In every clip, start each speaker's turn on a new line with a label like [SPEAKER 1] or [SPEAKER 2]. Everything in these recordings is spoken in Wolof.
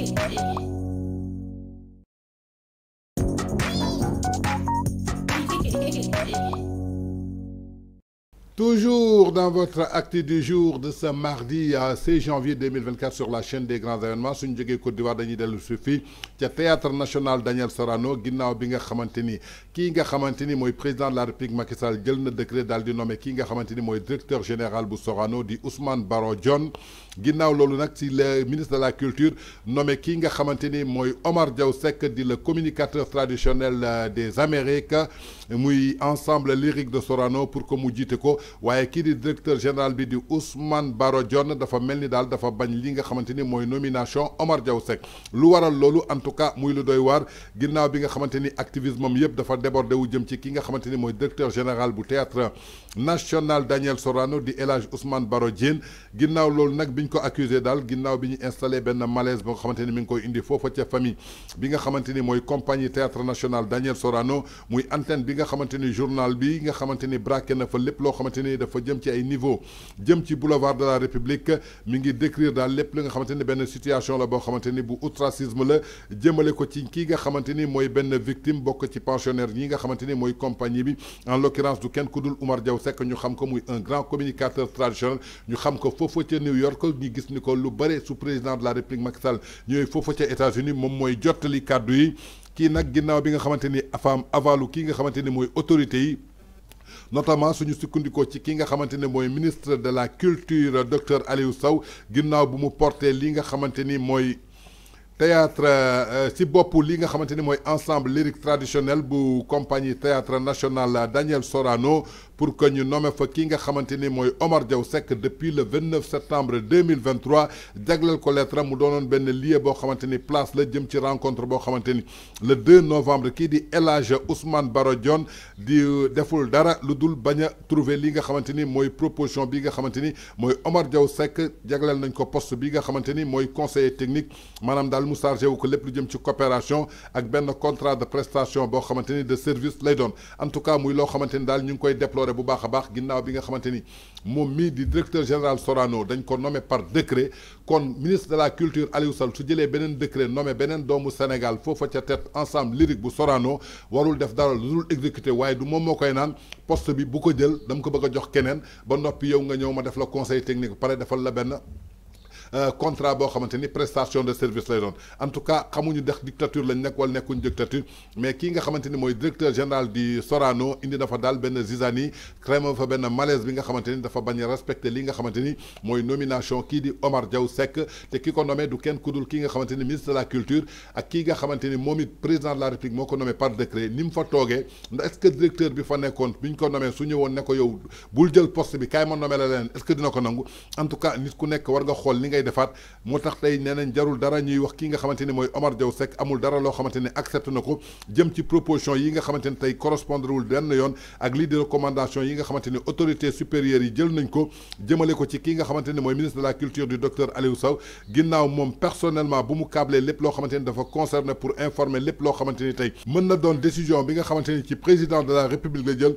[SPEAKER 1] Thank you. Toujours dans votre acte du jour de ce mardi 6 janvier 2024 sur la chaîne des grands événements suñu une Côte d'Ivoire Daniel théâtre national Daniel Sorano Guinao Binga Khamantini, Kinga Khamantini, moi président de la république Macky Sall jël décret daal nommé directeur général de Sorano dit Ousmane Baro john Guinao Lolounak, le ministre de la culture nommé Kinga Khamantini, moi Omar Diaw dit le communicateur traditionnel euh, des Amériques muy ensemble lyrique de Sorano pour que mu jité ko waye ki di directeur général bi di Ousmane Baro Dione dafa melni dal dafa bañ li nga xamanteni moy nomination Omar Diaw Seck lu waral lolu en tout cas muy lu doy war ginnaw bi nga xamanteni activisme am yëpp dafa débordé wu jëm ci ki nga xamanteni moy directeur général bu théâtre national Daniel Sorano di El Ousmane Baro Diène ginnaaw loolu nag biñ ko accusé dal ginnaw bi installé ben malaise ba nga xamante mi ngi koy indi fofu ci famille bi nga xamanteni moy compagnie théâtre national Daniel Sorano muy antenne bi nga xamante journal bi nga xamanteni ni braqué na fa lépp dafa jëm ci ay niveau jëm ci boulevard de la république mi ngi décrire dal lepp li nga xamanteni ben situation la bo xamanteni bu outracisme la jëmele ko ci ki nga xamanteni moy ben victime bok ci pensionnaire ñi nga xamanteni moy compagnie bi en l'occurrence du kenn ku dul Diaw sek ñu xam ko muy un grand communicateur traditionnel ñu xam ko fofu ci New York ñi gis ni ko lu bare sous président de la république Macky Sall ñoy fofu ci États-Unis mom moy jottali les yi ki nak ginnaw bi nga xamanteni afam avalu ki nga xamanteni moy autorité yi notamment suñu sukkandikoo ci ki nga xamanteni moy ministre de la culture docteur Aliou Sow ginnaw bu mu porter li nga xamanteni moy théâtre euh, ci bopp li nga xamanteni moy ensemble lyrique traditionnel bu compagnie théâtre national Daniel Sorano pour que ñu nommé fa ki nga Omar Diaw Seck depuis le 29 septembre 2023 jagleel ko lettre mu doonoon benn lieu boo xamante place la jëm ci rencontre bo xamante le 2 novembre qui di Elage Ousmane Baro du di euh, deful dara lu dul bañ a trouver li nga xamante ni proposition bi nga xamante Omar Diaw Seck jagleel nañ ko poste bi nga xamante conseiller technique Madame Dal mu chargé wu ko lépp lu jëm ci coopération ak ben contrat de prestation bo xamante de service lay en tout cas muy loo Dal, nous daal ñu koy honoré bu baax a baax ginnaaw bi nga xamante ni di directeur général Sorano dañ ko nommé par décret kon ministre de la culture Aliou Sall su jëlee beneen décret nommé beneen doomu Sénégal foofa ca tête ensemble lyrique bu Sorano warul def dara lu dul exécuté waaye du moom moo koy naan poste bi bu ko jël dama ko bëgg a jox keneen ba noppi yow nga ñëw ma def la conseil technique pare defal la benn euh, contrat bo xamanteni prestation de service lay doon en tout cas xamuñu une dictature lañ nekk wala nekkuñ dictature mais qui nga xamanteni moy directeur général di Sorano indi dafa dal ben zizani zizanie fa ben malaise bi nga xamanteni dafa bañ respecter li nga xamanteni moy nomination qui di Omar Diaw Seck te kiko nommé du ken kudul ki nga xamanteni ministre de la culture ak qui nga xamanteni momit président de la république moko nommé par décret nim fa togué est-ce que directeur bi fa nekkoon bi ko nommé su ñëwoon ne ko yow bul jël poste bi kay mo nommé la est-ce que dina ko nangu en tout cas nit ku nek war nga xol ngay defaat moo tax tey nee nañ jarul dara ñuy wax ki nga xamante ni Omar Diaw Seck amul dara loo xamante accepte accepte na ko jëm ci proposition yi nga xamante ne correspondre wul benn yoon ak lii di recommandation yi nga xamante autorité supérieure yi jël nañ ko jëmale ko ci ki nga xamante ministre de la culture du docteur Aliou Sow ginnaaw moom personnellement bu mu câblé lépp loo xamante ni dafa concerné pour informer lépp loo xamante ni tey mën décision bi nga xamante ni ci président de la république de jël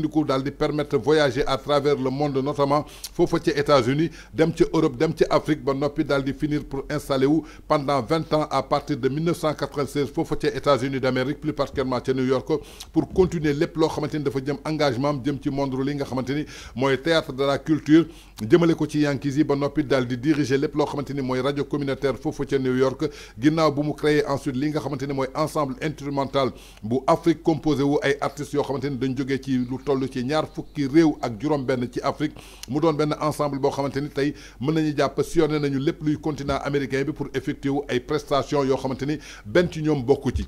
[SPEAKER 1] du dal di permettre voyager à travers le monde notamment fofu ci États-Unis dem ci Europe dem ci Afrique ba nopi d'aller di finir pour installer ou pendant 20 ans à partir de 1996 fofu ci États-Unis d'Amérique plus particulièrement chez New York pour continuer lépp lo xamanteni dafa jëm engagement d'un jëm ci monde li nga xamanteni moy théâtre de la culture jëmele ko ci Yankees yi ba nopi diriger di diriger lépp lo xamanteni moy radio communautaire fofu ca New York ginnaw bu mu créé ensuite li nga xamanteni ensemble instrumental bu Afrique composé wu ay artistes yo xamanteni dañ qui ci lu le ci ñaar fukki réew ak juróom-benn ci Afrique mu doon benn ensemble boo xamante ni tey mën nañu jàpp nañu lépp luy continent américain bi pour effectuer ay prestations yoo xamante ni ci ñoom bokku ci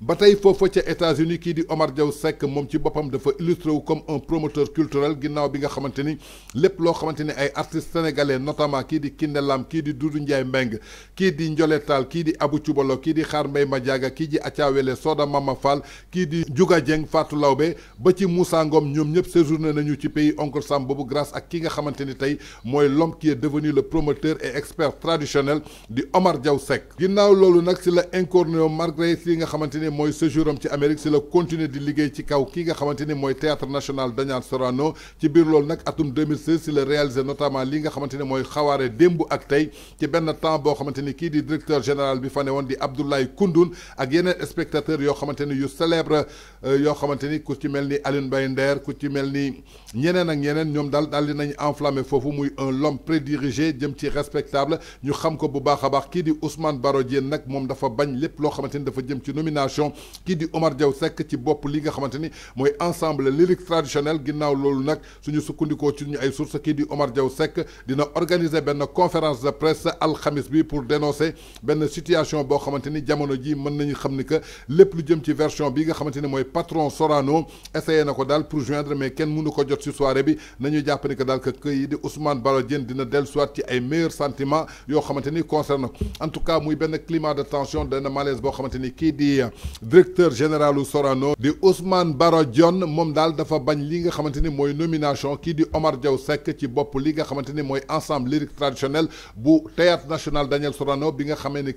[SPEAKER 1] ba tey foofa États-Unis qui dit Omar Diaw Sek mom ci bopam dafa illustré comme un promoteur culturel qui bi nga xamanteni les plans xamanteni ay artistes sénégalais notamment qui dit kindelam Lam kii di Doudou Ndiaye Mbeng qui di Ndiolé Tall qui di Abou Thioubalo qui di Xaar Mbey Madiaga qui dit Acha Soda Mama Fall dit di Juga Dieng Fatou Lawbe ba ci Moussa Ngom ñom ñep séjourné nañu ci pays Oncle Sam bobu grâce à ki nga xamanteni tay moy qui est devenu le promoteur et expert traditionnel di Omar Diaw Sek ginnaaw lolu nak ci la incorné malgré si nga xamanteni ne mooy séjour am ci Amérique si la continuer di liggéey ci kaw ki nga xamanteni moy théâtre national Daniel Sorano ci biir loolu nak atum 2016 ci la réalisé notamment li nga xamanteni moy mooy dembu ak tay ci benn temps boo xamanteni kii di directeur général bi fa ne di Abdoulaye Koundoun ak yeneen spectateur yoo xamanteni yu célèbre euh, yoo xamanteni ni ku ci mel ni Alioune Mbaye Nder ku ci mel ni ñeneen ak ñeneen ñoom daal dal dinañ enflammé foofu muy un l'homme prédirigé jëm ci respectable ñu xam ko bu baax a baax kii di Ousmane Baro Diène nag moom dafa bañ lépp loo xamanteni dafa jëm ci nomination qui dit di Omar Diaw Seck ci bop li nga xamanteni moy ensemble lyrique traditionnel ginnaaw loolu nak suñu continue ci ñu ay source qui dit Omar Diaw Seck dina organiser ben conférence de presse khamis bi pour dénoncer ben situation bo xamanteni jamono ji mën nañu xam que lepp lu jëm ci version bi nga xamanteni moy patron Sorano essayé nako dal pour joindre mais ken mënu ko jot ci soirée bi nañu n'est ni que daal que kii di Ousmane Baro Dieng dina del soit ci ay meilleurs sentiments yo xamanteni concernant concerne en tout cas muy ben climat de tension de malaise bo xamanteni qui dit directeur généralu Sorano di Ousmane Barodion, mom dal dafa bañ li nga nomination qui dit Omar Diaw qui ci bop li nga xamanteni ni ensemble lyrique traditionnel bu théâtre national Daniel Sorano bi nga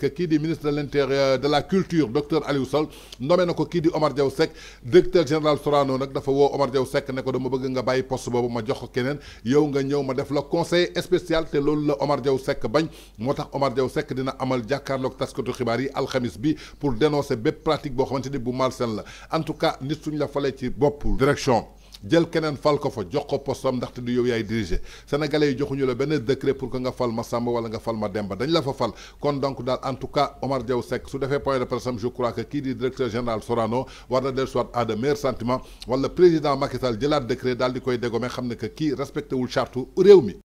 [SPEAKER 1] qui dit ministre de l'intérieur de la culture docteur Aliou Sall nommé na ki Omar Diaw Seck directeur général Sorano nak dafa wo Omar Diaw Seck ne ko dama bëgg nga bayyi poste bobu ma jox ko keneen yow nga ñëw ma def conseil spécial té loolu la Omar Diaw Seck bañ motax Omar Diaw Seck dina amal Al taskatu yi khamis bi pour dénoncer des pratique boo xamante ni bu malsaine la en tout cas nit suñ la falee ci bopp direction jël keneen fal ko fa jox ko postam ndaxte du yow yaay diriger sénégalais yi joxuñu la benn décret pour que nga fal ma Samba wala nga fal ma ba dañ la fa fal kon donc daal en tout cas Omar Diaw Seck su defee point de presse am je crois que kii di directeur général Sorano war na del soit à de meilleurs wala président Macky jëlaat décret daal di koy dégommer xam ne que kii respecté wul charte réew mi